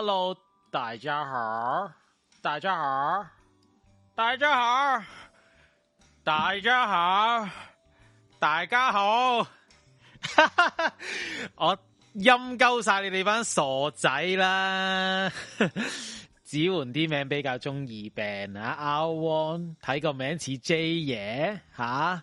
Hello，everyone. Everyone. Everyone. Everyone. 大家好，大家好，大家好，大家好，大家好，哈哈哈！我陰鳩晒你哋班傻仔啦！指環啲名比較鍾意病 R1，看啊，阿旺睇個名似 J 嘢，吓。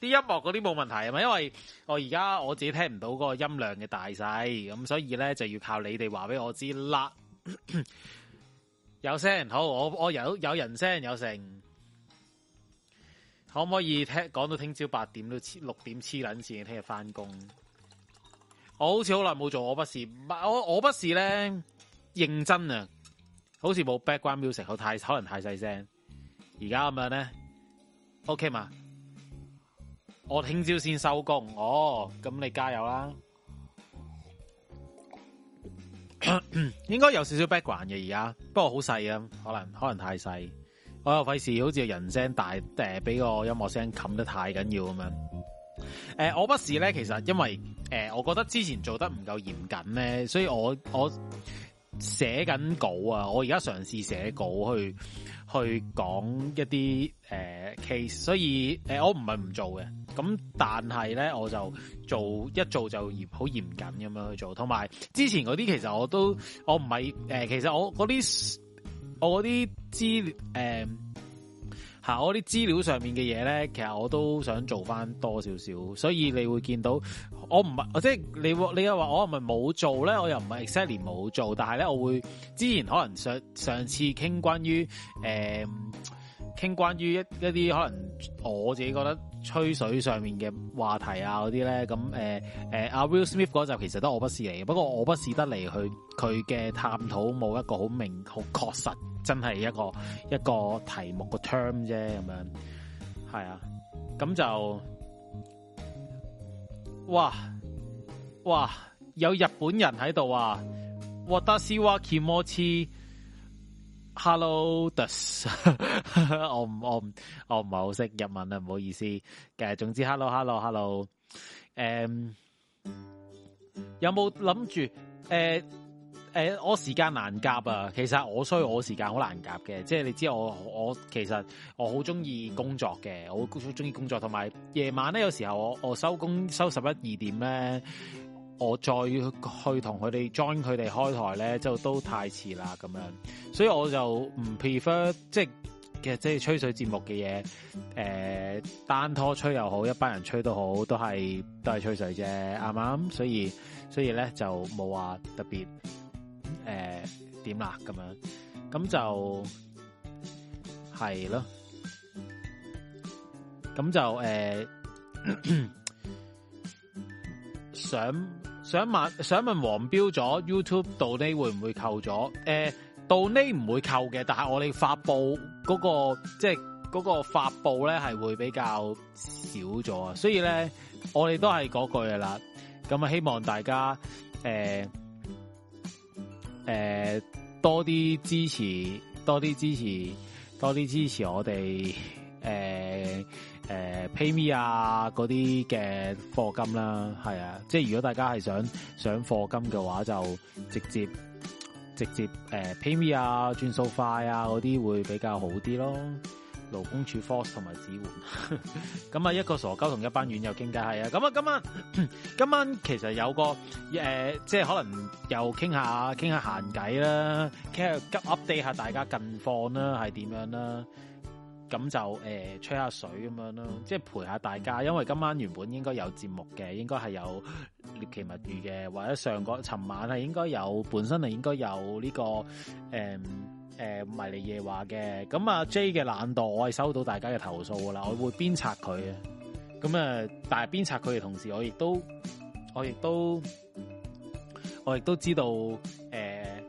啲音樂嗰啲冇問題係嘛，因為我而家我自己聽唔到嗰個音量嘅大細，咁所以咧就要靠你哋話俾我知啦。 有聲，好，我我有有人聲有聲，可唔可以聽？講到聽朝八點到六點黐撚線，聽日翻工。我好似好耐冇做，我不是我我不是咧認真啊，好似冇 background music，好太可能太細聲，而家咁樣咧，OK 嘛？我聽朝先收工，哦，咁你加油啦！ 應該有少少 background 嘅，而家，不過好細啊，可能可能太細，我又費事好似人聲大，誒、呃，俾個音樂聲冚得太緊要咁樣。誒、uh，我不是咧，其實因為誒、呃，我覺得之前做得唔夠嚴謹咧，所以我我寫緊稿啊，我而家嘗試寫稿去。去講一啲、呃、case，所以、呃、我唔係唔做嘅，咁但係咧我就做一做就好嚴謹咁樣去做，同埋之前嗰啲其實我都我唔係、呃、其實我嗰啲我嗰啲資誒嚇、呃、我啲資料上面嘅嘢咧，其實我都想做翻多少少，所以你會見到。我唔係，即係你，你又話我係咪冇做咧？我又唔係 exactly 冇做，但係咧，我會之前可能上上次傾關於誒，傾、欸、關於一一啲可能我自己覺得吹水上面嘅話題那些那、欸、啊嗰啲咧，咁誒誒，阿 Will Smith 嗰集其實都我不是嚟，不過我不是得嚟去佢嘅探討冇一個好明好確實，真係一個一個題目嘅 term 啫，咁樣係啊，咁就。嘩，有日本人喺度啊？我得斯哇，キモチ。Hello，我唔，我唔我唔係好識日文啊，唔好意思。其實總之，Hello，Hello，Hello、嗯。有冇諗住？呃誒、欸，我時間難夾啊！其實我衰，我時間好難夾嘅，即係你知我我其實我好中意工作嘅，我好中意工作，同埋夜晚咧，有時候我我收工收十一二點咧，我再去同佢哋 join 佢哋開台咧，就都太遲啦咁樣，所以我就唔 prefer 即係其實即係吹水節目嘅嘢，誒、呃、單拖吹又好，一班人吹都好，都係都係吹水啫，啱唔啱？所以所以咧就冇話特別。誒、呃，點啦咁樣，咁就係咯，咁就誒、呃，想想問想問黃標咗 YouTube donate 會唔會扣咗？誒、呃，donate 唔會扣嘅，但係我哋發布嗰、那個即係嗰個發布咧係會比較少咗啊，所以咧我哋都係嗰句噶啦，咁啊希望大家誒。呃誒、呃，多啲支持，多啲支持，多啲支持我哋誒誒、呃呃、PayMe 啊嗰啲嘅課金啦，係啊，即係如果大家係想想課金嘅話，就直接直接誒、呃、PayMe 啊，轉數快啊嗰啲會比較好啲咯。勞工處 force 同埋指援，咁啊一個傻鳩同一班院友傾偈，係啊，咁啊，今晚今晚其實有個誒、呃，即係可能又傾下傾下閒偈啦，傾下 update 下大家近況啦，係點樣啦，咁就誒、呃、吹下水咁樣咯，即係陪下大家，因為今晚原本應該有節目嘅，應該係有獵奇物語嘅，或者上個尋晚係應該有，本身係應該有呢、這個誒。嗯誒、呃，唔係嚟夜話嘅，咁啊 J 嘅懶惰，我係收到大家嘅投訴啦，我會鞭策佢。咁啊，但係鞭策佢嘅同時，我亦都，我亦都，我亦都知道，誒、呃、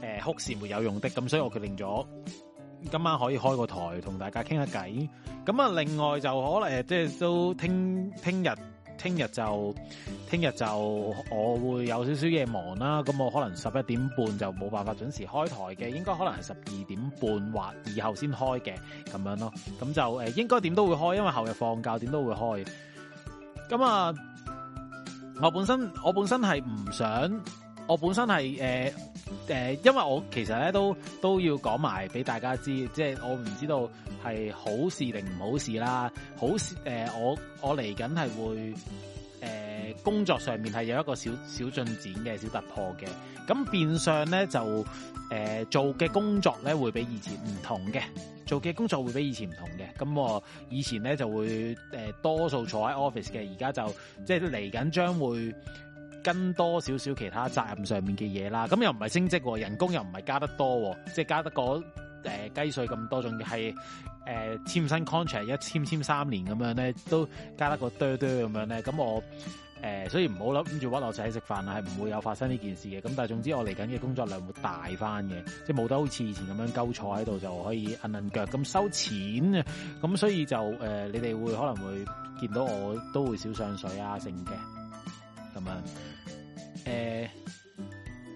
誒、呃，哭是沒有用的，咁所以我決定咗今晚可以開個台同大家傾下偈。咁啊，另外就可能即係都聽聽日。聽日就聽日就我會有少少嘢忙啦，咁我可能十一點半就冇辦法準時開台嘅，應該可能係十二點半或以後先開嘅咁樣咯。咁就誒、呃，應該點都會開，因為後日放假點都會開。咁啊，我本身我本身係唔想，我本身係誒。呃誒，因為我其實咧都都要講埋俾大家知，即係我唔知道係好事定唔好事啦。好事誒，我我嚟緊係會誒工作上面係有一個小小進展嘅，小突破嘅。咁變相咧就誒做嘅工作咧會比以前唔同嘅，做嘅工作會比以前唔同嘅。咁我以前咧就會誒多數坐喺 office 嘅，而家就即係嚟緊將會。跟多少少其他責任上面嘅嘢啦，咁又唔係升職，人工又唔係加得多，即係加得個誒、呃、雞碎咁多，仲係誒簽新 contract 一簽簽三年咁樣咧，都加得個哆哆咁樣咧，咁我誒、呃、所以唔好諗住屈我仔食飯啊，係唔會有發生呢件事嘅。咁但係總之我嚟緊嘅工作量會大翻嘅，即係冇得好似以前咁樣鳩坐喺度就可以摁摁腳咁收錢啊，咁所以就誒、呃、你哋會可能會見到我都會少上水啊剩嘅，咁樣。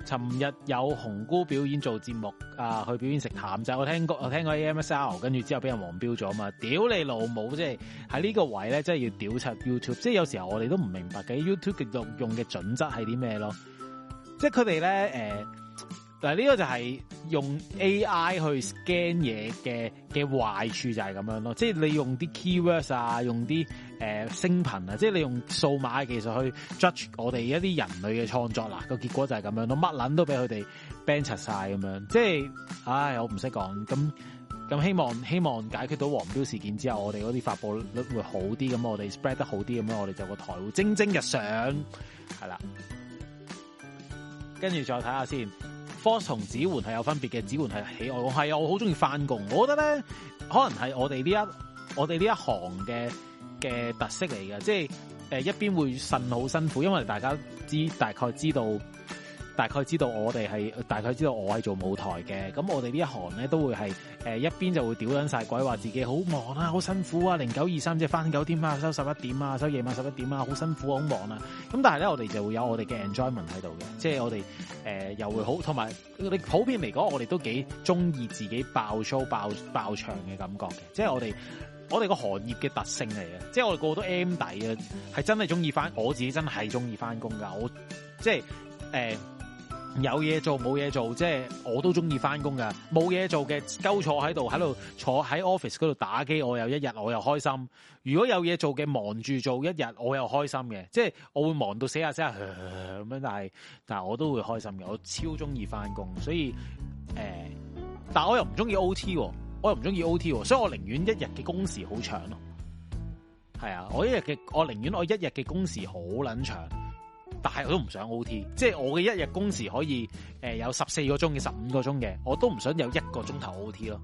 誒，尋日有紅姑表演做節目啊，去表演食譚仔，我聽過我聽過 A M S R，跟住之後俾人黃標咗啊嘛！屌你老母，即係喺呢個位咧，即係真係要屌柒 YouTube，即係有時候我哋都唔明白嘅 YouTube 用用嘅準則係啲咩咯？即係佢哋咧，誒、呃，但係呢個就係用 A I 去 scan 嘢嘅嘅壞處就係咁樣咯，即係你用啲 keywords 啊，用啲。誒聲頻啊，即係你用數碼嘅技術去 judge 我哋一啲人類嘅創作啦，個結果就係咁樣，我乜撚都俾佢哋 ban 出晒咁樣，即係，唉，我唔識講。咁咁希望希望解決到黃標事件之後，我哋嗰啲發佈率會好啲，咁我哋 spread 得好啲咁樣，我哋就個台會蒸蒸日上，係啦。跟住再睇下先，Force 同 指換係有分別嘅，指換係喜愛，係啊，我好中意返工，我覺得咧，可能係我哋呢一我哋呢一行嘅，嘅特色嚟㗎，即係誒一邊會呻好辛苦，因為大家知大概知道，大概知道我哋係大概知道我係做舞台嘅，咁我哋呢一行咧都會係誒一邊就會屌捻晒鬼話自己好忙啊，好辛苦啊，零九二三即係返九點啊，收十一點啊，收夜晚十一點啊，好、啊、辛苦好忙啊，咁但係咧我哋就會有我哋嘅 enjoyment 喺度嘅，即係我哋誒、呃、又會好，同埋你普遍嚟講，我哋都幾中意自己爆 show 爆爆場嘅感覺嘅，即係我哋。我哋個行業嘅特性嚟嘅，即係我哋個個都 M 底嘅，係真係中意翻，我自己真係中意翻工噶，我即係誒、呃、有嘢做冇嘢做，即係我都中意翻工噶，冇嘢做嘅鳩坐喺度喺度坐喺 office 嗰度打機，我又一日我又開心；如果有嘢做嘅忙住做一日我又開心嘅，即係我會忙到死下死下咁樣，但係但係我都會開心嘅，我超中意翻工，所以誒、呃，但係我又唔中意 O T。我又唔中意 O T，所以我寧願一日嘅工時好長咯。係啊，我一日嘅我寧願我一日嘅工時好捻長，但係我都唔想 O T，即係我嘅一日工時可以誒、呃、有十四個鐘嘅十五個鐘嘅，我都唔想有一個鐘頭 O T 咯。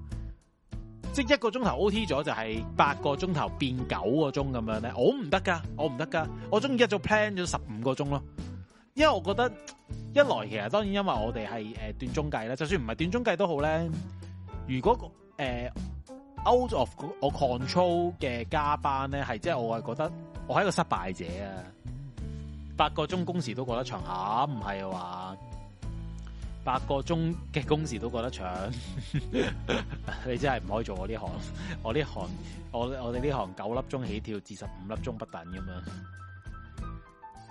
即係一個鐘頭 O T 咗就係八個鐘頭變九個鐘咁樣咧，我唔得噶，我唔得噶，我中意一早 plan 咗十五個鐘咯。因為我覺得一來其實當然因為我哋係誒斷鐘計咧，就算唔係斷鐘計都好咧，如果誒、呃、，out of 我 control 嘅加班咧，係即係我係覺得我係一個失敗者啊！八個鐘工時都過得長下，唔係話八個鐘嘅工時都過得長，啊、得長 你真係唔可以做我呢行，我呢行，我我哋呢行九粒鐘起跳至十五粒鐘不等咁啊！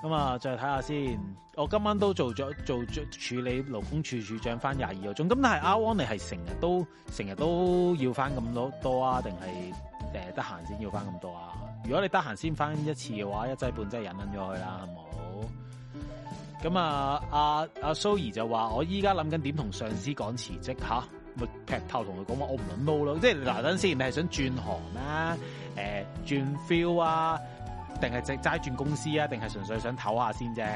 咁啊，再睇下先。我今晚都做咗做，做處理勞工處處長，翻廿二個鐘。咁但係阿汪你係成日都成日都要翻咁多多啊？定係誒得閒先要翻咁多啊？如果你得閒先翻一次嘅話，一劑半真係忍忍咗佢啦，係冇。咁啊，阿阿、啊啊、蘇怡就話：我依家諗緊點同上司講辭職吓咪、啊、劈頭同佢講話我唔諗撈咯。即係嗱等先，你係想轉行啦、啊呃，轉 feel 啊。定係即係齋轉公司啊？定係純粹想唞下先啫？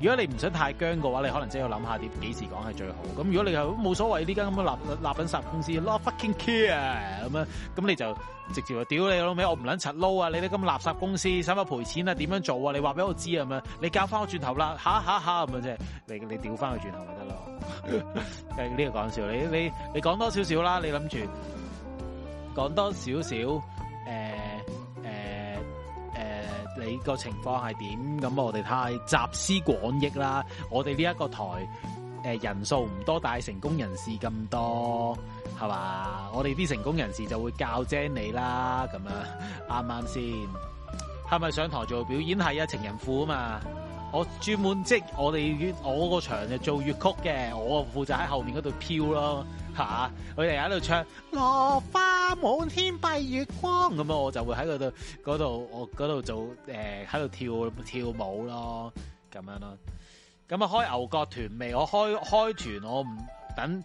如果你唔想太僵嘅話，你可能真要諗下點幾時講係最好。咁如果你冇所謂呢間咁嘅垃垃品圾公司，no fucking care 咁樣，咁你就直接話屌 你老味，我唔捻柒撈啊！你啲咁垃圾公司使乜賠錢啊？點樣做啊？你話俾我知啊？咁樣你教翻我轉頭啦！吓吓吓咁樣啫，你你屌翻佢轉頭咪得咯？呢個講笑，你你你講多少少啦？你諗住講多少少誒？你個情況係點？咁我哋太集思廣益啦！我哋呢一個台、呃、人數唔多，但係成功人士咁多，係嘛？我哋啲成功人士就會教精你啦！咁樣啱啱先？係、嗯、咪、嗯嗯嗯、上台做表演係啊？情人婦啊嘛！我專門即我哋我個場就做粵曲嘅，我負責喺後面嗰度飄咯嚇，佢哋喺度唱《落花滿天蔽月光》咁啊，我就會喺嗰度嗰度我嗰度做、呃、喺度跳跳舞咯咁樣咯。咁啊開牛角團未？我開，開團我唔等。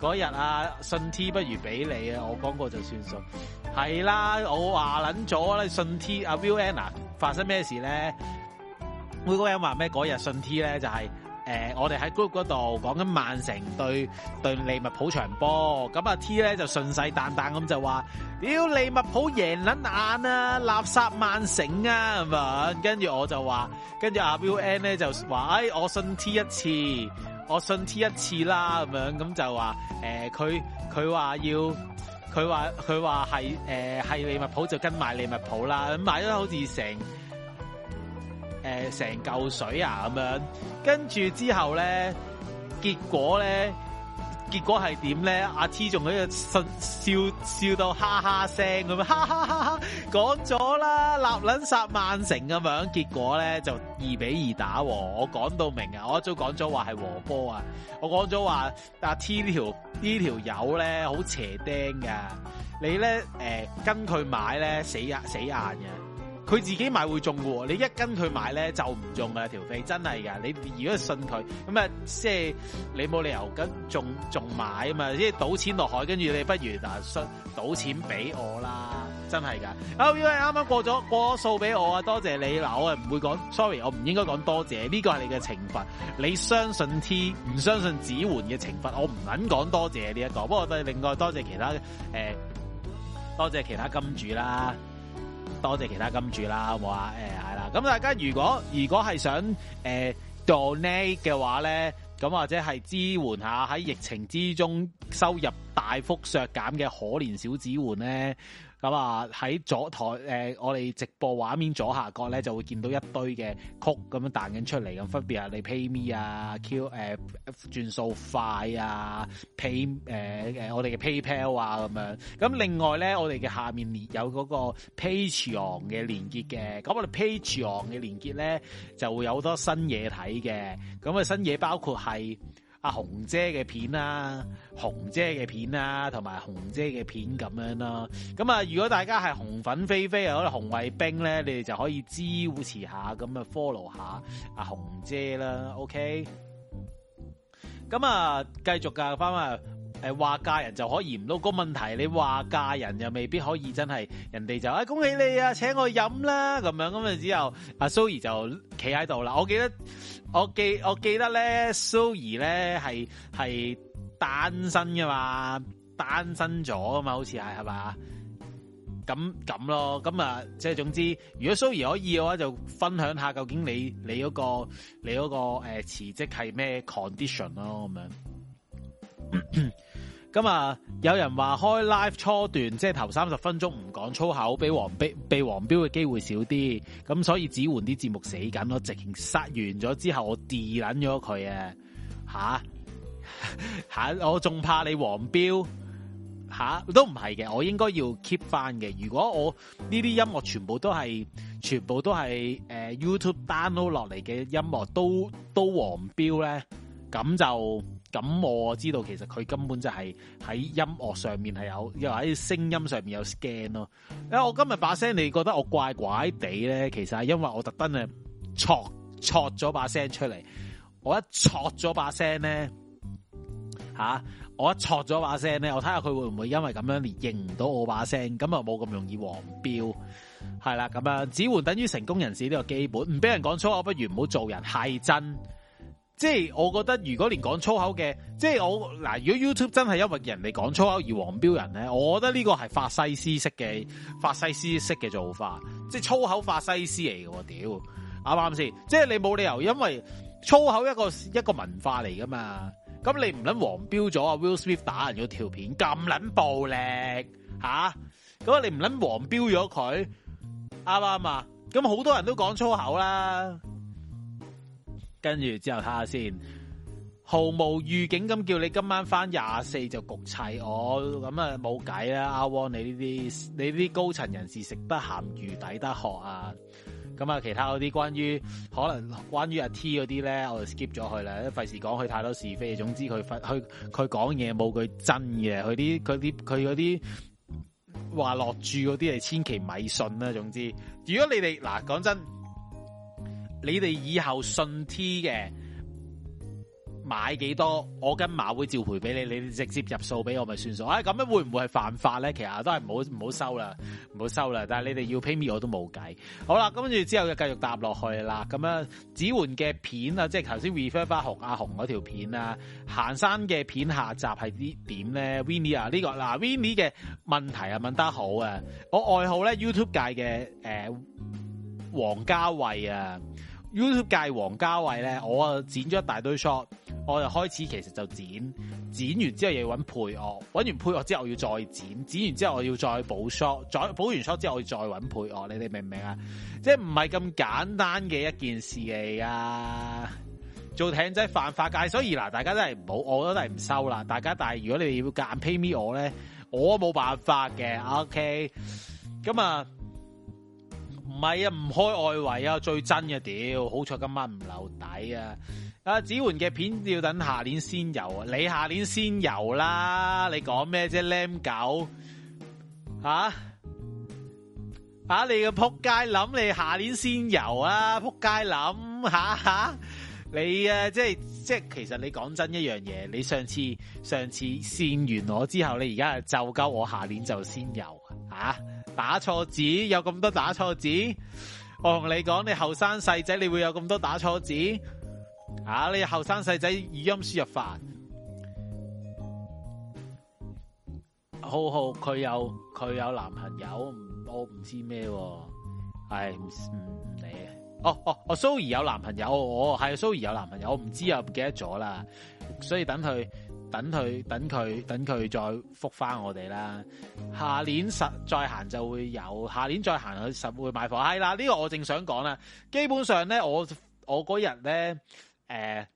嗰日啊，信 T 不如俾你啊！我講過就算數，係啦，我話捻咗咧。信 T 阿 Will N 啊，發生咩事咧？每個人話咩？嗰日信 T 咧就係、是、誒、呃，我哋喺 group 嗰度講緊曼城對對利物浦場波，咁阿 T 咧就信誓旦旦咁就話，屌利物浦贏捻眼啊，垃圾曼城啊咁啊！跟住我就話，跟住阿 Will N 咧就話，哎，我信 T 一次。我信 T 一次啦，咁樣咁就話，誒、呃，佢佢話要，佢話佢話係，誒、係、呃、利物浦就跟埋利物浦啦，咁買咗好似成，誒、呃，成嚿水啊咁樣，跟住之後咧，結果咧，結果係點咧？阿 T 仲喺度笑，笑到哈哈聲咁樣，哈哈哈哈。講咗啦，立捻殺曼城咁樣，結果咧就二比二打和。我講到明啊，我一早講咗話係和波啊。我講咗話但 T 呢條呢條友咧好邪釘噶，你咧誒、呃、跟佢買咧死眼死眼嘅，佢自己買會中喎，你一跟佢買咧就唔中啊，條飛真係噶。你如果信佢咁啊，即係你冇理由跟仲仲買啊嘛，即係賭錢落海，跟住你不如嗱輸賭錢俾我啦。真係噶，阿 V 哥啱啱過咗過咗數俾我啊！多謝你，嗱我唔會講 sorry，我唔應該講多謝，呢個係你嘅懲罰。你相信 T，唔相信指煥嘅懲罰，我唔肯講多謝呢、這、一個。不過對另外多謝其他誒、呃，多謝其他金主啦，多謝其他金主啦，好冇啊？誒、呃、係啦，咁大家如果如果係想誒、呃、donate 嘅話咧，咁或者係支援下喺疫情之中收入大幅削減嘅可憐小指煥咧。咁啊喺左台誒、呃，我哋直播畫面左下角咧，就會見到一堆嘅曲咁樣彈緊出嚟咁，分別係，你 PayMe 啊、Q 誒轉數快啊、Pay 誒、呃、誒，我哋嘅 PayPal 啊咁樣。咁另外咧，我哋嘅下面有嗰個 Patreon 嘅連結嘅。咁我哋 Patreon 嘅連結咧，就會有好多新嘢睇嘅。咁、那、啊、個、新嘢包括係。阿紅姐嘅片啦，紅姐嘅片啦，同埋紅姐嘅片咁樣啦。咁啊，如果大家係紅粉菲菲，或者紅衛兵咧，你哋就可以支持下，咁啊 follow 下阿紅姐啦。OK，咁啊，繼續㗎返啊。回誒，話嫁人就可以唔到、個問題，你話嫁人又未必可以真係，人哋就誒、哎、恭喜你啊，請我飲啦咁樣。咁啊之後，阿 Soie 就企喺度啦。我記得我記我記得咧，Soie 咧係係單身噶嘛，單身咗啊嘛，好似係係嘛，咁咁咯，咁啊即係總之，如果 Soie 可以嘅話，就分享下究竟你你嗰、個你嗰、個誒、呃、辭職係咩 condition 咯咁樣。 咁、嗯、啊！有人話開 live 初段，即係頭三十分鐘唔講粗口，俾黃俾俾黃標嘅機會少啲，咁所以只換啲節目死緊咯。直情殺完咗之後，我地捻咗佢啊！吓 吓、啊，我仲怕你黃標吓、啊、都唔係嘅，我應該要 keep 翻嘅。如果我呢啲音樂全部都係全部都係誒、呃、YouTube download 落嚟嘅音樂，都都黃標咧，咁就。咁我知道，其實佢根本就係喺音樂上面係有，又喺聲音上面有 scan 咯。誒，我今日把聲，你覺得我怪怪地咧，其實係因為我特登誒撮撮咗把聲出嚟，啊。我一撮咗把聲咧，吓？我一撮咗把聲咧，我睇下佢會唔會因為咁樣而認唔到我把聲，咁啊冇咁容易黃標，係啦。咁樣只換等於成功人士呢個基本，唔俾人講粗口，我不如唔好做人係真。即係我覺得，如果連講粗口嘅，即係我嗱，如果 YouTube 真係因為人哋講粗口而黃標人咧，我覺得呢個係法西斯式嘅法西斯式嘅做法，即係粗口法西斯嚟嘅喎，屌啱唔啱先？即係你冇理由因為粗口一個一個文化嚟噶嘛？咁你唔撚黃標咗啊 Will Smith 打人嗰條片咁撚暴力吓？咁、啊、你唔撚黃標咗佢啱唔啱啊？咁好多人都講粗口啦。跟住之後睇下先，毫無預警咁叫你今晚返廿四就焗砌我，咁啊冇計啦！阿、嗯、汪，你呢啲你呢啲高層人士食得鹹魚抵得渴啊！咁、嗯、啊，其他嗰啲關於可能關於阿 T 嗰啲咧，我就 skip 咗佢啦，都費事講佢太多是非。總之佢講佢講嘢冇句真嘅，佢啲佢啲佢嗰啲話落注嗰啲，你千祈咪信啦。總之，如果你哋嗱講真。你哋以後信 T 嘅買幾多，我跟馬會照賠俾你，你直接入數俾我咪算數。哎，咁樣會唔會係犯法咧？其實都係唔好唔好收啦，唔好收啦。但係你哋要 pay me，我都冇計。好啦，跟住之後就繼續答落去啦。咁樣指煥嘅片剛剛紅啊，即係頭先 refer 翻紅阿紅嗰條片啊，行山嘅片下集係啲點咧？Vinny 啊，呢、這個嗱、啊、Vinny 嘅問題啊問得好啊，我愛好咧 YouTube 界嘅誒、呃，王家衛啊。YouTube 界王家衛咧，我啊剪咗一大堆 shot，我就開始其實就剪，剪完之後又要揾配樂，揾完配樂之後我要再剪，剪完之後我要再補 shot，再補完 shot 之後我要再揾配樂，你哋明唔明啊？即係唔係咁簡單嘅一件事嚟啊！做艇仔犯法界，所以嗱，大家真係唔好，我都都係唔收啦。大家但係如果你哋要夾硬 pay me 我咧，我冇辦法嘅。OK，咁啊唔係啊，唔開外圍啊，最真嘅屌，好彩今晚唔留底啊！阿、啊、子煥嘅片要等下年先有啊，啊，你下年先有啦，你講咩啫，僆狗，吓吓你個撲街諗你下年先有啊，撲街諗吓吓。啊啊你啊，即係即係，其實你講真一樣嘢，你上次上次線完我之後，你而家就夠我下年就先有啊！打錯字有咁多打錯字，我同你講，你後生細仔你會有咁多打錯字啊！你後生細仔語音輸入法？好好佢有佢有男朋友，我唔知咩喎、啊，唉唔唔。嗯哦哦哦，蘇怡有男朋友，我係蘇怡有男朋友，我唔知啊唔記得咗啦，所以等佢等佢等佢等佢再覆返我哋啦。下年實再行就會有，下年再行佢實會買房。係啦，呢個我正想講啦。基本上咧，我我嗰日咧誒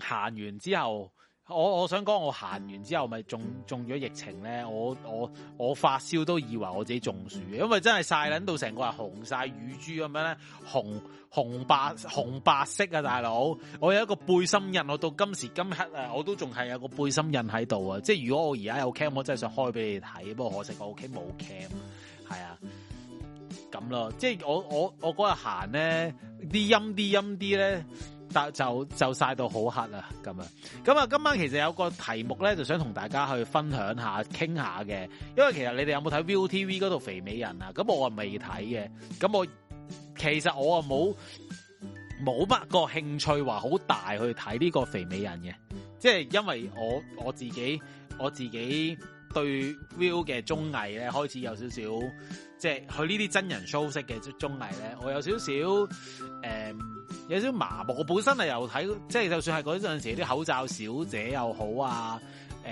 行完之後。我我想講，我行完之後咪中中咗疫情咧？我我我發燒都以為我自己中暑，因為真係曬緊到成個係紅曬乳豬，咁樣咧，紅紅白紅白色啊！大佬，我有一個背心印，我到今時今刻啊，我都仲係有個背心印喺度啊！即係如果我而家有 cam，我真係想開俾你睇，不過可惜我屋企冇 cam，係啊，咁咯。即係我我我嗰日行咧，啲陰啲陰啲咧。但就就曬到好黑啦咁啊，咁啊，今晚其實有個題目咧，就想同大家去分享下、傾下嘅。因為其實你哋有冇睇 Viu TV 嗰度肥美人啊？咁我啊未睇嘅。咁我其實我啊冇冇乜個興趣話好大去睇呢個肥美人嘅。即係因為我我自己我自己對 Viu 嘅綜藝咧開始有少少，即係去呢啲真人 show 式嘅綜藝咧，我有少少誒。嗯有少少麻木，我本身係又睇，即係就算係嗰陣時啲口罩小姐又好啊，誒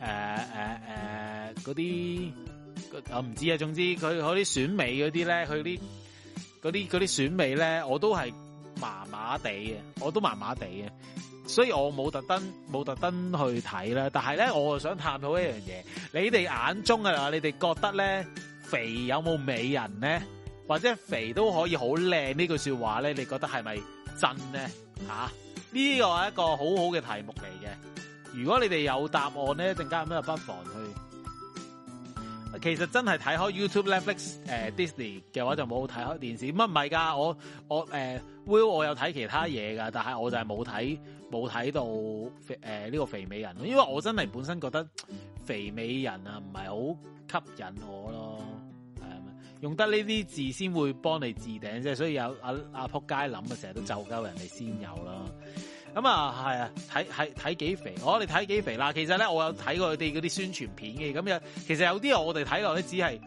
誒誒誒，嗰啲我唔知啊，總之佢嗰啲選美嗰啲咧，佢啲嗰啲嗰啲選美咧，我都係麻麻地嘅，我都麻麻地嘅，所以我冇特登冇特登去睇啦。但係咧，我就想探討一樣嘢，你哋眼中啊，你哋覺得咧，肥有冇美人咧？或者肥都可以好靚，呢句說話咧，你覺得係咪真咧？吓，呢個係一個好好嘅題目嚟嘅。如果你哋有答案咧，陣間咁樣就不妨去。其實真係睇開 YouTube、Netflix、誒 Disney 嘅話，就冇睇開電視。乜唔係噶，我我誒 Will 我有睇其他嘢噶，但係我就係冇睇冇睇到誒呢個肥美人，因為我真係本身覺得肥美人啊唔係好吸引我咯。用得呢啲字先會幫你置頂啫，所以有阿阿、啊啊、仆街諗啊，成日都就夠人哋先有囉。咁啊，係啊，睇睇睇幾肥，我、哦、你睇幾肥啦。其實咧，我有睇過佢哋啲宣傳片嘅，咁有其實有啲我哋睇落咧，只係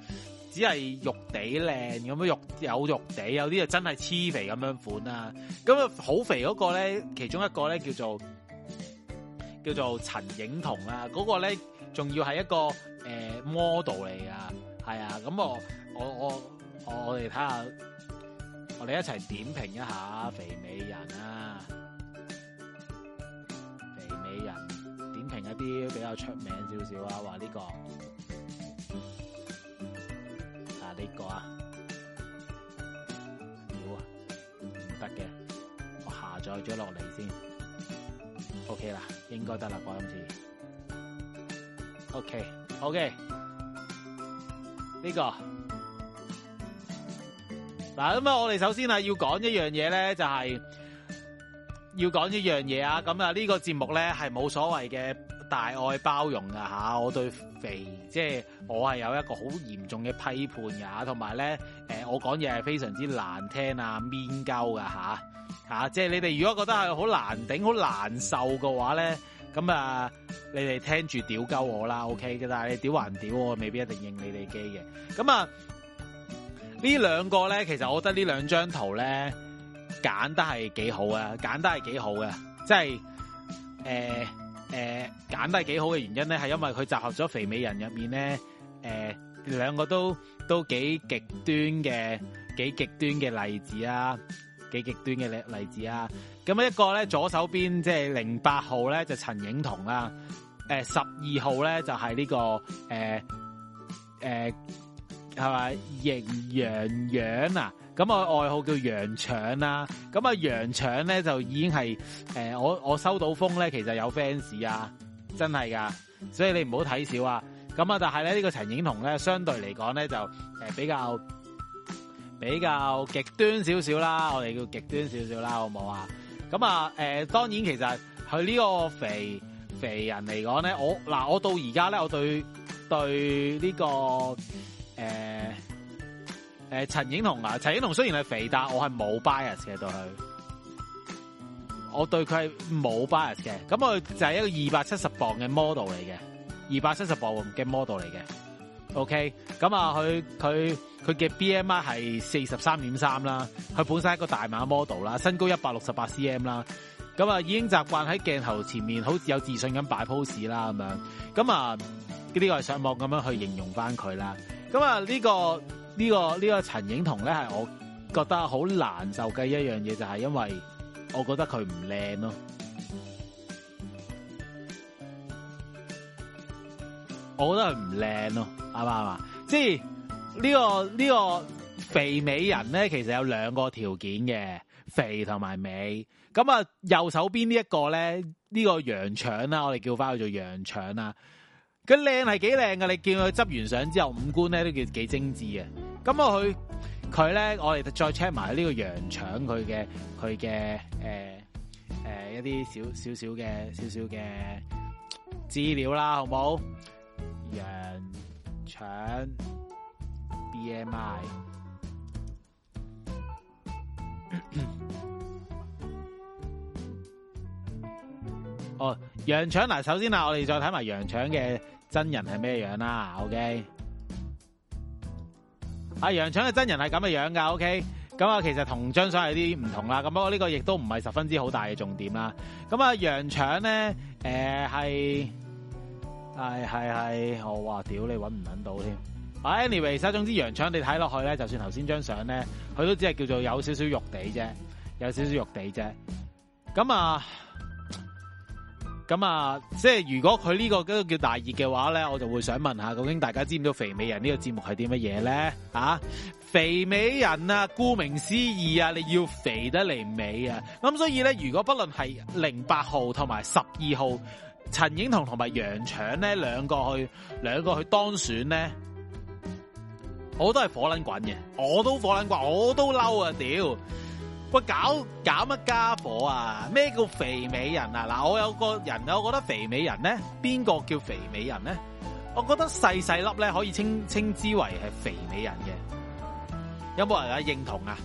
只係肉地靚咁樣，肉有肉地，有啲就真係黐肥咁樣款啦。咁啊，好肥嗰個咧，其中一個咧叫做叫做陳穎彤啊，嗰、那個咧仲要係一個誒 model 嚟啊。係、呃、啊，咁我。我我我哋睇下，我哋一齊點評一下肥美人啊，肥美人點評一啲比較出名少少啊，話呢個，啊呢個啊，屌啊，唔得嘅，我下載咗落嚟先，OK 啦，應該得啦，我諗住，OK，OK，呢個。嗱，咁啊，我哋首先啊，要講一樣嘢，咧就係要講一樣嘢啊。咁啊，呢個節目咧，係冇所謂嘅大愛包容噶吓，我對肥，即係我係有一個好嚴重嘅批判噶，同埋咧，誒，我講嘢係非常之難聽啊，面鳩噶吓吓，即係你哋如果覺得係好難頂、好難受嘅話咧，咁啊，OK? 你哋聽住屌鳩我啦，OK 嘅，但係你屌還屌，我未必一定認你哋機嘅，咁啊。呢兩個咧，其實我覺得呢兩張圖咧，揀得係幾好啊。揀得係幾好嘅，即係誒誒，揀、呃呃、得係幾好嘅原因咧，係因為佢集合咗肥美人入面咧，誒、呃、兩個都都幾極端嘅，幾極端嘅例子啊，幾極端嘅例例子啊。咁一個咧左手邊即係零八號咧就係、陳影彤啦，誒十二號咧就係、是、呢、呢個誒誒。呃呃係咪？型羊羊啊，咁啊愛號叫羊腸啊，咁啊羊腸咧就已經係誒、呃，我我收到風咧，其實有 fans 啊，真係噶，所以你唔好睇少啊。咁啊，但係咧呢、這個陳穎彤咧，相對嚟講咧就誒比較比較極端少少啦，我哋叫極端少少啦，好唔好啊？咁啊誒，當然其實佢呢個肥肥人嚟講咧，我嗱我到而家咧，我對對呢、這個。誒、呃、誒，陳穎彤啊，陳穎彤雖然係肥，但我係冇 bias 嘅對佢，我對佢係冇 bias 嘅。咁佢就係一個二百七十磅嘅 model 嚟嘅，二百七十磅嘅 model 嚟嘅。OK，咁啊，佢佢佢嘅 BMI 係四十三點三啦，佢本身係一個大碼 model 啦，身高一百六十八 cm 啦，咁啊已經習慣喺鏡頭前面好似有自信咁擺 pose 啦咁樣，咁啊呢個係上網咁樣去形容翻佢啦。咁啊、這個，呢、這個呢、這個呢個陳穎彤咧，係我覺得好難受嘅一樣嘢，就係、是、因為我覺得佢唔靚咯，我覺得佢唔靚咯，啱唔啱啊？即係呢個呢、這個肥美人咧，其實有兩個條件嘅，肥同埋美。咁啊、這個，右手邊呢一個咧，呢個羊腸啦，我哋叫翻佢做羊腸啊。佢靚係幾靚噶，你見佢執完相之後五官咧都叫幾精緻嘅。咁啊，佢佢咧，我哋再 check 埋呢個羊腸佢嘅佢嘅誒誒一啲少少少嘅少少嘅資料啦，好冇好？羊腸 BMI 哦，羊腸嗱，首先啊，我哋再睇埋羊腸嘅。真人係咩樣啦？OK，阿楊腸嘅真人係咁嘅樣噶。OK，咁啊，其實同張相有啲唔同啦。咁不過呢個亦都唔係十分之好大嘅重點啦。咁啊，楊腸咧，誒係係係，我話屌你搵唔搵到添。啊 anyway，總之楊腸你睇落去咧，就算頭先張相咧，佢都只係叫做有少少肉地啫，有少少肉地啫。咁啊。咁啊，即係如果佢呢個都叫大熱嘅話呢，我就會想問下，究竟大家知唔知到肥美人呢個節目係啲乜嘢呢？啊，肥美人啊，顧名思義啊，你要肥得嚟美啊。咁所以呢，如果不論係零八號同埋十二號，陳英彤同埋楊長呢兩個去兩個去當選呢，我都係火撚滾嘅，我都火撚滾，我都嬲啊！屌！喂，搞搞乜家伙啊？咩叫肥美人啊？嗱，我有個人啊，我覺得肥美人咧，邊個叫肥美人咧？我覺得細細粒咧可以稱稱之為係肥美人嘅，有冇人啊認同啊？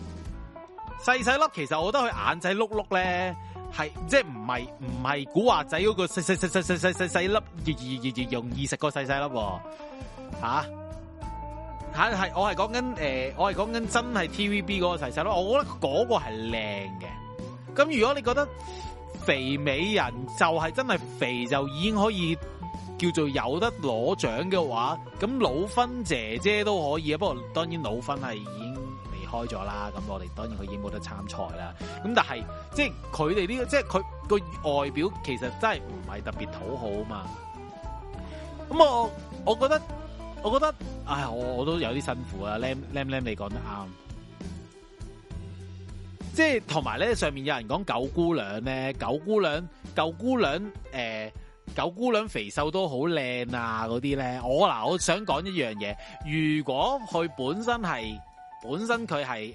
細細粒其實我覺得佢眼仔碌碌咧，係即係唔係唔係古惑仔嗰個細細細細細細細細粒，易易易容易食過細細粒喎、啊，吓、啊？係我係講緊誒，我係講緊真係 TVB 嗰個細細粒咯。我覺得嗰個係靚嘅。咁如果你覺得肥美人就係真係肥就已經可以叫做有得攞獎嘅話，咁老芬姐姐都可以啊。不過當然老芬係已經離開咗啦。咁我哋當然佢已經冇得參賽啦。咁但係即係佢哋呢個，即係佢個外表其實真係唔係特別討好啊嘛。咁我我覺得。我覺得，唉，我我都有啲辛苦啊！lem lem lem，你講得啱，即係同埋咧，上面有人講九姑娘咧，九姑娘、九姑娘、誒，九姑娘肥瘦都好靚啊！嗰啲咧，我嗱，我想講一樣嘢，如果佢本身係本身佢係誒，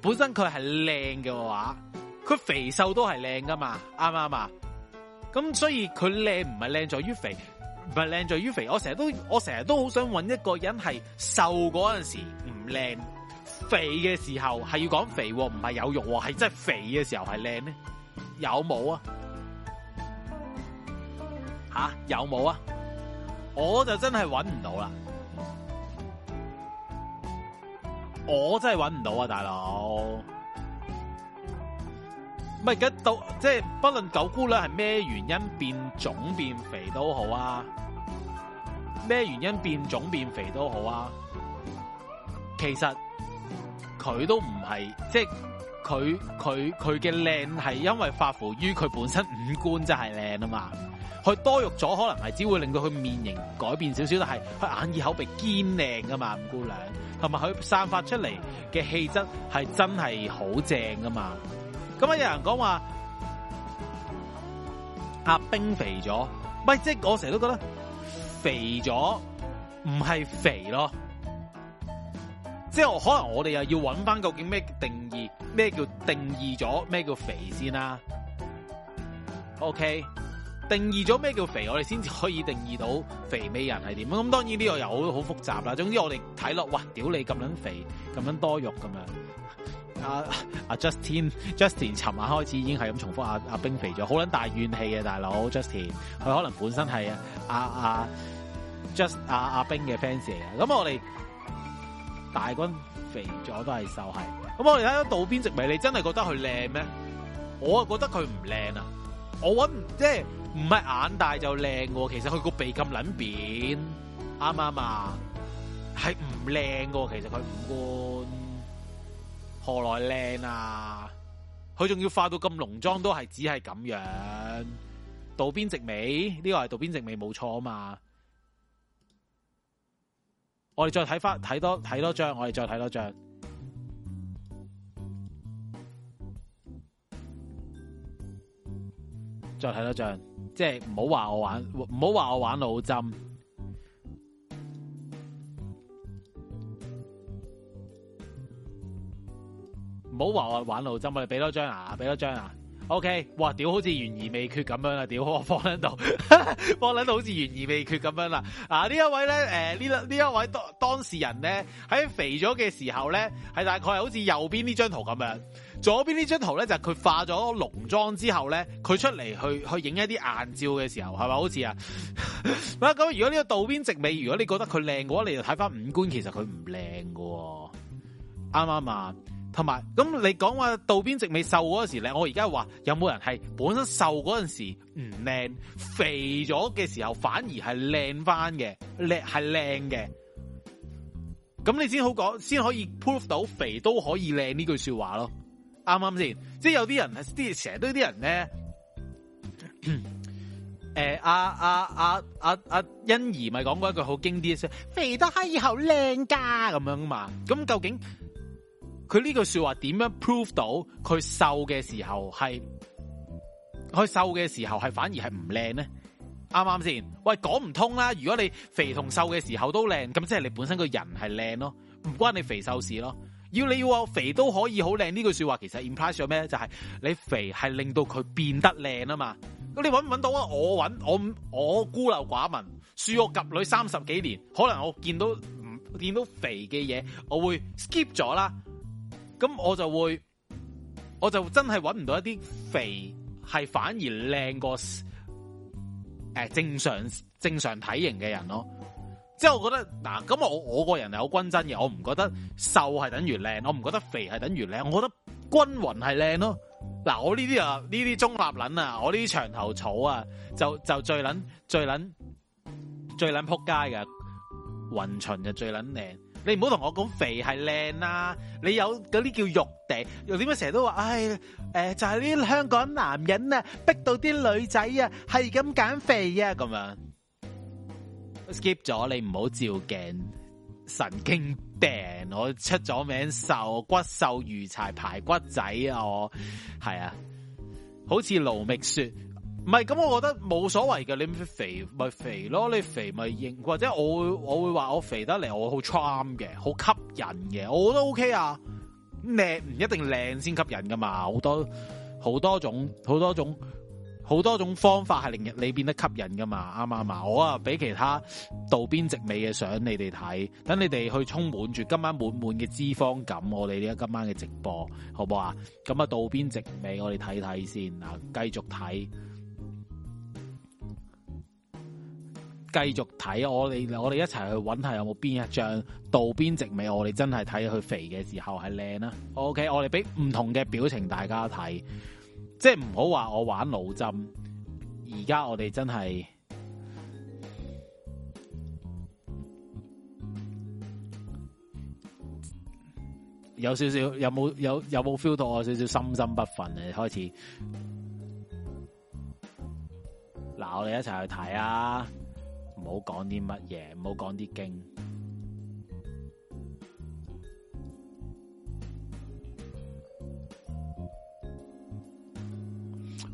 本身佢係靚嘅話，佢肥瘦都係靚噶嘛，啱唔啱啊？咁所以佢靚唔係靚在於肥。唔係靚在於肥，我成日都我成日都好想揾一個人係瘦嗰陣時唔靚，肥嘅時候係要講肥，唔係有肉，係真係肥嘅時候係靚咩？有冇啊？吓、啊、有冇啊？我就真係揾唔到啦，我真係揾唔到啊，大佬。唔係嘅，到即係不論九姑娘係咩原因變腫變肥都好啊，咩原因變腫變肥都好啊，其實佢都唔係，即係佢佢佢嘅靚係因為發乎於佢本身五官真係靚啊嘛，佢多肉咗可能係只會令到佢面型改變少少，但係佢眼耳口鼻堅靚噶嘛，五姑娘，同埋佢散發出嚟嘅氣質係真係好正噶嘛。咁有人講話阿冰肥咗，咪即係我成日都覺得肥咗唔係肥咯，即係可能我哋又要揾翻究竟咩叫定義，咩叫定義咗，咩叫肥先啦、啊、？OK，定義咗咩叫肥，我哋先至可以定義到肥美人係點。咁當然呢個又好好複雜啦。總之我哋睇落，哇！屌你咁撚肥，咁撚多肉咁樣。阿、啊、阿、啊、Justin Justin，尋晚開始已經係咁重複阿阿冰肥咗，好撚大怨氣嘅、啊、大佬 Justin，佢可能本身係阿阿 Just 阿阿冰嘅 fans 嚟嘅，咁我哋大軍肥咗都係瘦係，咁、就是、我哋睇到道邊植物，你真係覺得佢靚咩？我啊覺得佢唔靚啊，我搵即係唔係眼大就靚喎。其實佢個鼻咁撚扁，啱啱啊？係唔靚嘅，其實佢五官。何來靚啊？佢仲要化到咁濃妝都係只係咁樣，道邊直美呢個係道邊直美冇錯吖嘛？我哋再睇翻睇多睇多張，我哋再睇多張，再睇多張，即係唔好話我玩唔好話我玩腦針。唔好話我玩路針，我哋俾多張啊，俾多張啊。OK，哇，屌，好似懸而未決咁樣啊！屌，我放喺度，放喺度好似懸而未決咁樣啦。嗱、啊，呢一位咧，誒、呃，呢呢一,一位當當事人咧，喺肥咗嘅時候咧，係大概係好似右邊呢張圖咁樣，左邊呢張圖咧就係、是、佢化咗個濃妝之後咧，佢出嚟去去影一啲硬照嘅時候，係咪好似啊，咁、啊、如果呢個道邊直美，如果你覺得佢靚嘅話，你就睇翻五官，其實佢唔靚嘅，啱啱啊？同埋咁，你講話道邊直未瘦嗰陣時咧，我而家話有冇人係本身瘦嗰陣時唔靚，肥咗嘅時候反而係靚返嘅，靚係靚嘅。咁你先好講，先可以 prove 到肥都可以靚呢句說話咯。啱唔啱先？即係有啲人係啲成日都啲人咧，誒阿阿阿阿欣宜咪講過一句好經典嘅說話，肥得係以後靚噶咁樣嘛？咁究竟？佢呢句說話點樣 prove 到佢瘦嘅時候係佢瘦嘅時候係反而係唔靚咧？啱啱先？喂，講唔通啦。如果你肥同瘦嘅時候都靚，咁即係你本身個人係靚咯，唔關你肥瘦事咯。要你要我肥都可以好靚呢句說話，其實 imply 咗咩就係、是、你肥係令到佢變得靚啊嘛。咁你揾唔揾到啊？我揾我我，我孤陋寡聞，恕我睇女三十幾年，可能我見到唔見到肥嘅嘢，我會 skip 咗啦。咁我就會，我就真係揾唔到一啲肥係反而靚過誒、呃、正常正常體型嘅人咯，哦。即係我覺得嗱、咁、啊、我我個人係好均真嘅，我唔覺得瘦係等於靚，我唔覺得肥係等於靚，我覺得均匀係靚咯。嗱，我呢啲啊呢啲中立撚啊，我呢啲牆頭草啊，就就最撚最撚最撚扑街嘅，均勻就最撚靚。你唔好同我講肥係靚啊，你有嗰啲叫肉地又點解成日都話唉？誒、哎呃，就係、是、啲香港男人啊，逼到啲女仔啊係咁減肥啊，咁樣。I、skip 咗你唔好照鏡，神經病！我出咗名瘦骨，骨瘦如柴，排骨仔我係啊，好似盧覓雪。唔係，咁我覺得冇所謂嘅，你肥咪肥咯，你肥咪認，或者我會我會話我肥得嚟，我好 charm 嘅，好吸引嘅，我覺得 OK 啊，靚唔一定靚先吸引噶嘛，好多好多種，好多種，好多種方法係令你變得吸引噶嘛，啱唔啱啊？我啊俾其他道邊直尾嘅相你哋睇，等你哋去充滿住今晚滿滿嘅脂肪感，我哋呢家今晚嘅直播好唔好啊？咁啊道邊直尾，我哋睇睇先，嗱，繼續睇。繼續睇我哋，我哋一齊去搵下有冇邊一張道邊直尾。我哋真係睇佢肥嘅時候係靚啦。OK，我哋俾唔同嘅表情大家睇，即係唔好話我玩腦針。而家我哋真係有少少，有冇有有冇 feel 到我少少心心不忿誒？你開始，嗱，我哋一齊去睇啊！唔好講啲乜嘢，唔好講啲經。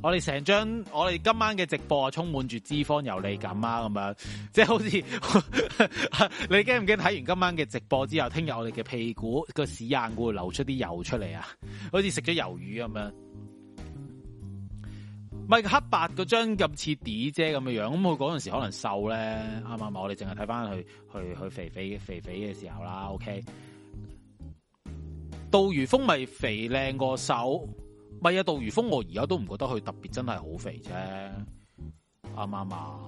我哋成張，我哋今晚嘅直播充滿住脂肪油膩感啊，咁樣，即係好似你驚唔驚？睇完今晚嘅直播之後，聽日我哋嘅屁股個屎眼會流出啲油出嚟啊，好似食咗魷魚咁樣。咪黑白嗰張咁似 D 姐咁嘅樣，咁佢嗰陣時可能瘦咧，啱唔啱？我哋淨係睇翻佢，去去肥肥肥肥嘅時候啦。OK，杜如風咪肥靚過瘦？咪啊杜如風我而家都唔覺得佢特別真係好肥啫，啱唔啱啊？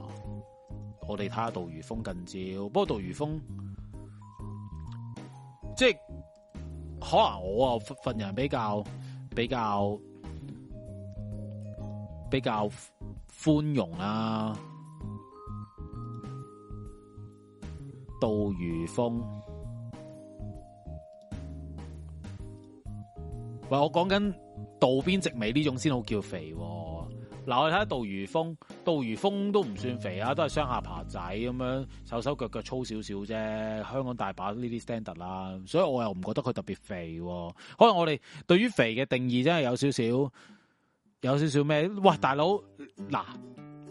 我哋睇下杜如風近照，不過杜如風，即係可能我啊份人比較比較。比較寬容啦、啊，杜如風，喂，我講緊道邊直尾呢種先好叫肥喎。嗱、啊，我睇下杜如風，杜如風都唔算肥啊，都係雙下巴仔咁樣，手手腳腳粗少少啫。香港大把呢啲 standard 啦，所以我又唔覺得佢特別肥喎。可能我哋對於肥嘅定義真係有少少。有少少咩？哇，大佬嗱，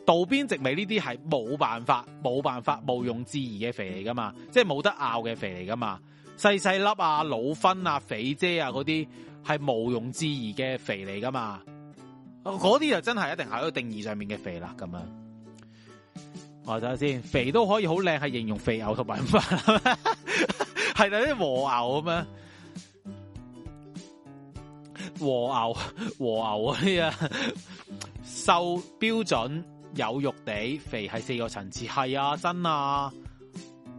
道邊植尾呢啲係冇辦法、冇辦法、毋庸置疑嘅肥嚟噶嘛，即係冇得拗嘅肥嚟噶嘛，細細粒啊、老芬啊、肥姐啊嗰啲係毋庸置疑嘅肥嚟噶嘛，嗰啲就真係一定係喺個定義上面嘅肥啦。咁樣，我睇下先，肥都可以好靚，係形容肥牛同埋，係嗱啲和牛咁樣。和牛，和牛啊， 瘦、標準有肉地肥，係四個層次，係啊，真啊，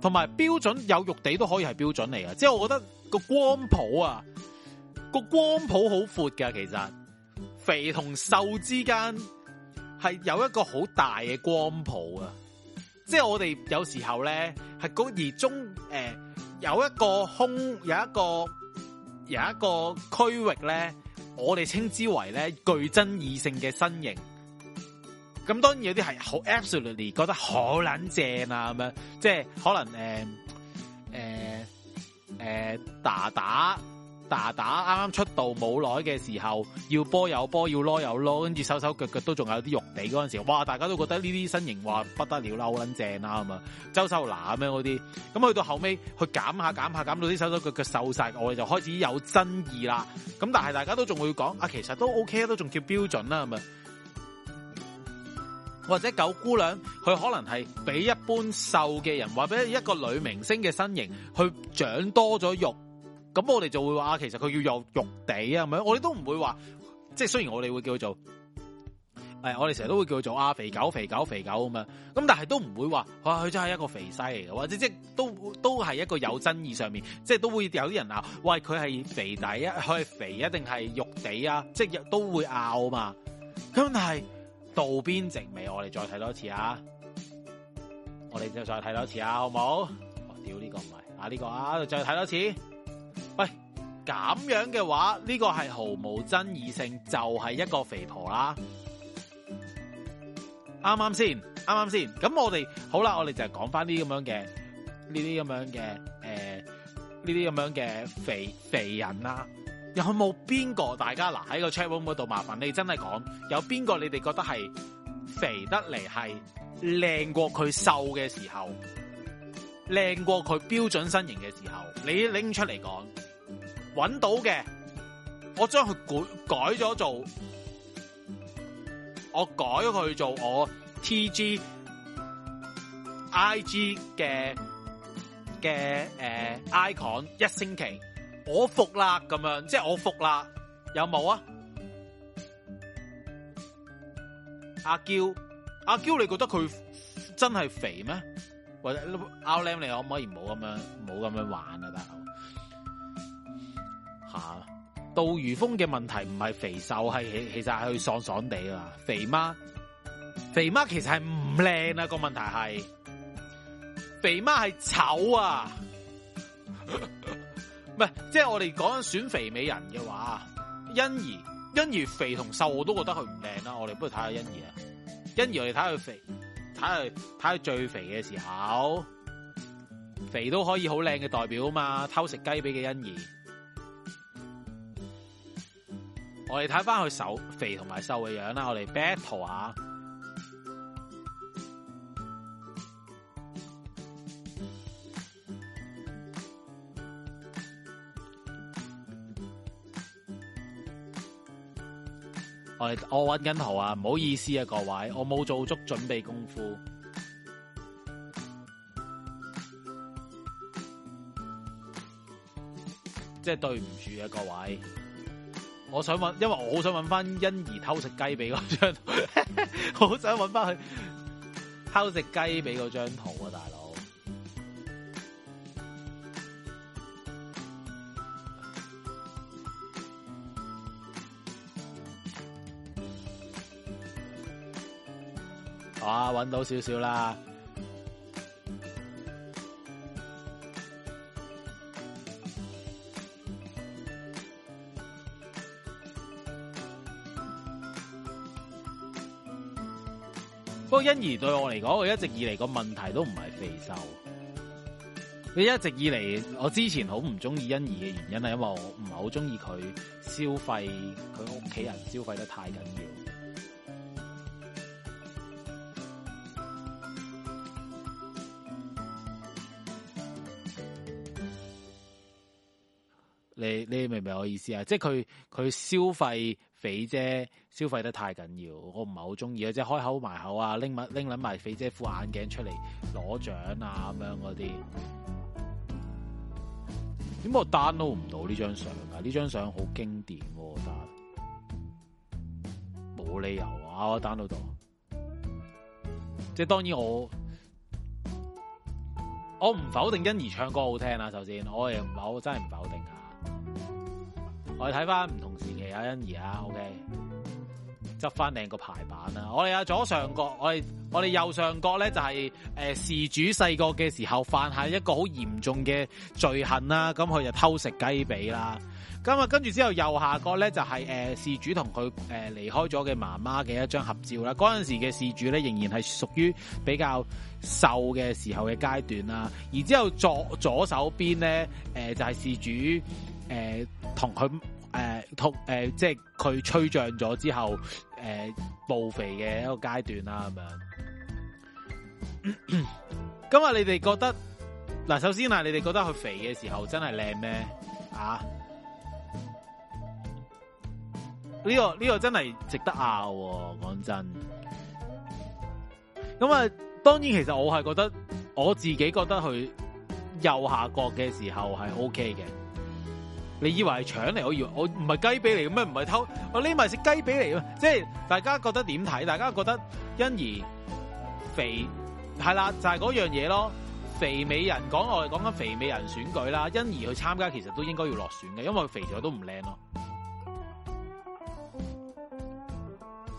同埋、啊、標準有肉地都可以係標準嚟嘅，即、就、係、是、我覺得個光譜啊，個光譜好闊㗎，其實肥同瘦之間係有一個好大嘅光譜啊，即、就、係、是、我哋有時候咧係高而中誒、呃、有一個空有一個有一個區域咧。我哋稱之為咧，具爭議性嘅身形，咁當然有啲係好 absolutely 覺得好撚正啊咁樣，即、就、係、是、可能誒誒誒打打。打打啱啱出道冇耐嘅時候，要波有波，要攞有攞，跟住手手腳腳都仲有啲肉肥嗰陣時候，哇！大家都覺得呢啲身形話不得了啦，好撚正啦係咪？周秀娜咁樣嗰啲，咁去到後尾去減下減下，減到啲手手腳腳瘦晒，我哋就開始有爭議啦。咁但係大家都仲會講啊，其實都 OK 都仲叫標準啦係咪？或者九姑娘，佢可能係比一般瘦嘅人，或者一個女明星嘅身形，去長多咗肉。咁我哋就會話啊，其實佢要有肉地啊，係咪？我哋都唔會話，即係雖然我哋會叫佢做，誒、哎，我哋成日都會叫佢做啊肥狗、肥狗、肥狗咁樣。咁但係都唔會話，佢真係一個肥西嚟嘅，或者即都都係一個有爭議上面，即係都會有啲人鬧，喂，佢係肥底啊，佢係肥一定係肉地啊，即係都會拗嘛。咁但係道邊直尾，我哋再睇多次啊，我哋再再睇多次啊，好唔好？屌、這、呢個唔係，啊、這、呢個啊，再睇多次。喂，咁樣嘅話呢個係毫無爭議性，就係、係、一個肥婆啦。啱啱先？啱啱先？咁我哋好啦，我哋就講翻啲咁樣嘅呢啲咁樣嘅誒呢啲咁樣嘅肥肥人啦。有冇邊個？大家嗱喺、啊、個 chat room 嗰度，麻煩你真係講有邊個？你哋覺得係肥得嚟係靚過佢瘦嘅時候？靚過佢標準身形嘅時候，你拎出嚟講，搵到嘅，我將佢改改咗做，我改咗佢做我 TG、IG 嘅嘅誒 icon，一星期我服啦咁樣，即係我服啦，有冇啊？阿嬌，阿嬌，你覺得佢真係肥咩？或者 out 靚你可唔可以唔好咁樣，唔好咁樣玩啊？大佬吓、啊、杜如風嘅問題唔係肥瘦，係其實係佢爽爽地啊！肥媽，肥媽其實係唔靚啊！個問題係肥媽係醜啊！唔係即係我哋講選肥美人嘅話，欣宜欣宜肥同瘦我都覺得佢唔靚啦！我哋不如睇下欣宜啊，欣宜我哋睇下佢肥。睇佢睇佢最肥嘅時候，肥都可以好靚嘅代表嘛，偷食雞髀嘅欣宜，我哋睇翻佢瘦肥同埋瘦嘅樣啦，我哋 battle 下。我我揾緊圖啊，唔好意思啊各位，我冇做足準備功夫，即係、 就是、對唔住啊各位，我想揾，因為我好想揾翻欣宜偷食雞髀嗰張，好 想揾翻去偷食雞髀嗰張圖啊大。但揾到少少啦，不過欣宜對我嚟講，佢一直以嚟個問題都唔係肥瘦，佢一直以嚟，我之前好唔中意欣宜嘅原因係因為我唔係好中意佢消費佢屋企人消費得太緊要。 有意思啊，即係佢佢消費肥姐消費得太緊要，我唔係好中意啊！即係開口埋口啊，拎物拎捻埋肥姐副眼鏡出嚟攞獎啊，咁樣嗰啲。點解我 download 唔到呢張相啊？呢張相好經典，我覺得冇理由啊！我 download 到，即係當然我我唔否定欣宜唱歌好聽啊首先，我亦唔我真係唔否定。我哋睇翻唔同時期啊，欣宜啊，OK，執翻靚個排版啦。我哋啊左上角，我哋我哋右上角咧就係、是、誒、呃、事主細個嘅時候犯下一個好嚴重嘅罪行啦。咁佢就偷食雞髀啦。咁啊跟住之後右下角咧就係、是、誒、呃、事主同佢誒離開咗嘅媽媽嘅一張合照啦。嗰陣時嘅事主咧仍然係屬於比較瘦嘅時候嘅階段啦。而之後左，左手邊咧誒就係、是、事主。誒、呃，同佢誒，同、呃、誒、呃，即係佢吹脹咗之後，誒、呃，暴肥嘅一個階段啦、啊，咁樣。咁啊， 你哋覺得，嗱，首先啊，你哋覺得佢肥嘅時候真係靚咩？啊？呢、呢個呢、呢個真係值得拗、啊，講真。咁啊，當然其實我係覺得，我自己覺得佢右下角嘅時候係 O K 嘅。你以為係搶嚟，我以為我唔係雞髀嚟嘅咩？唔係偷我匿埋食雞髀嚟嘅，即係大家覺得點睇？大家覺得欣宜肥係啦，就係、是、嗰樣嘢咯。肥美人講我哋講緊肥美人選舉啦，欣宜去參加其實都應該要落選嘅，因為肥咗都唔靚咯。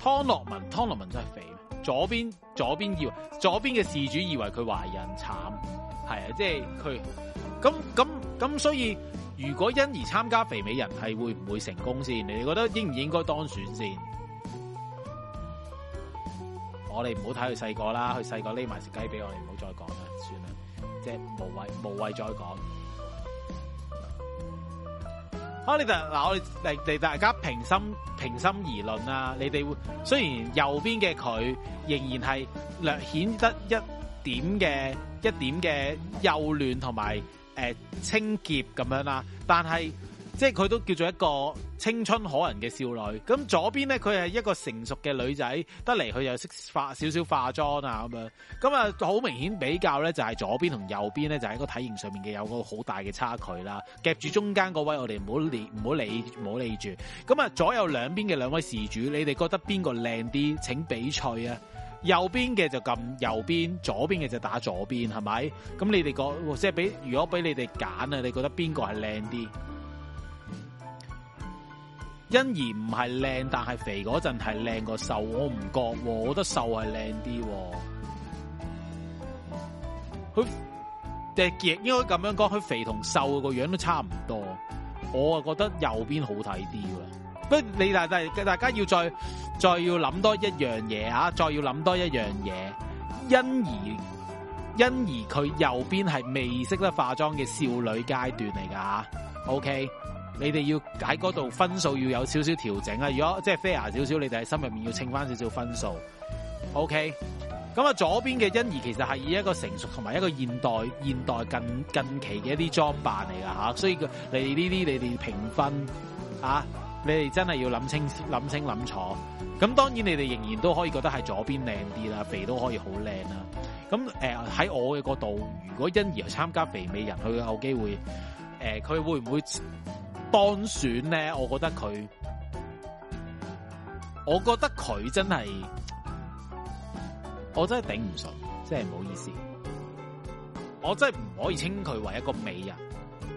湯洛雯，湯洛雯真係肥，左邊左邊要左邊嘅事主以為佢懷孕慘，係啊，即係佢咁咁咁，所以。如果欣宜參加肥美人係會唔會成功先？你哋覺得應唔應該當選先？ 我哋唔好睇佢細個啦，佢細個匿埋食雞俾我哋，唔好再講啦，算啦，即係無謂無謂再講。好，你 嗱樂我哋嚟，大家平心平心而論啊，你哋會雖然右邊嘅佢仍然係略顯得一點嘅一點嘅幼嫩同埋。誒、欸，清潔咁樣啦，但係即係佢都叫做一個青春可人嘅少女。咁左邊咧，佢係一個成熟嘅女仔，得嚟佢又識化少少化妝啊，咁樣咁啊，好明顯比較咧就係、是、左邊同右邊咧就係、是、個體型上面嘅有個好大嘅差距啦。夾住中間嗰位，我哋唔好理，唔好理，唔好理住。咁啊，左右兩邊嘅兩位事主，你哋覺得邊個靚啲？請比賽啊！右邊嘅就撳右邊，左邊嘅就打左邊，係咪？咁你哋覺即係俾，如果俾你哋揀啊，你覺得邊個係靚啲？欣宜唔係靚，但係肥嗰陣係靚過瘦，我唔覺，我覺得瘦係靚啲。佢，誒，應該咁樣講，佢肥同瘦個樣都差唔多，我啊覺得右邊好睇啲。不，你大家要再再要諗多一樣嘢吓，再要諗多一樣嘢。欣怡，欣怡佢右邊係未識得化妝嘅少女階段嚟噶吓。OK，你哋要喺嗰度分數要有少少調整啊。如果即係 fair 少少，你哋喺心入面要稱返少少分數。OK，咁啊，左邊嘅欣怡其實係以一個成熟同埋一個現代現代近近期嘅一啲裝扮嚟噶吓，所以佢你呢啲你哋要評分，啊你哋真係要諗清諗清諗楚，咁當然你哋仍然都可以覺得係左邊靚啲啦，肥都可以好靚啦。咁誒喺我嘅角度，如果欣宜參加肥美人，佢有機會誒，佢、呃、會唔會當選咧？我覺得佢，我覺得佢真係，我真係頂唔順，真係唔好意思，我真係唔可以稱佢為一個美人。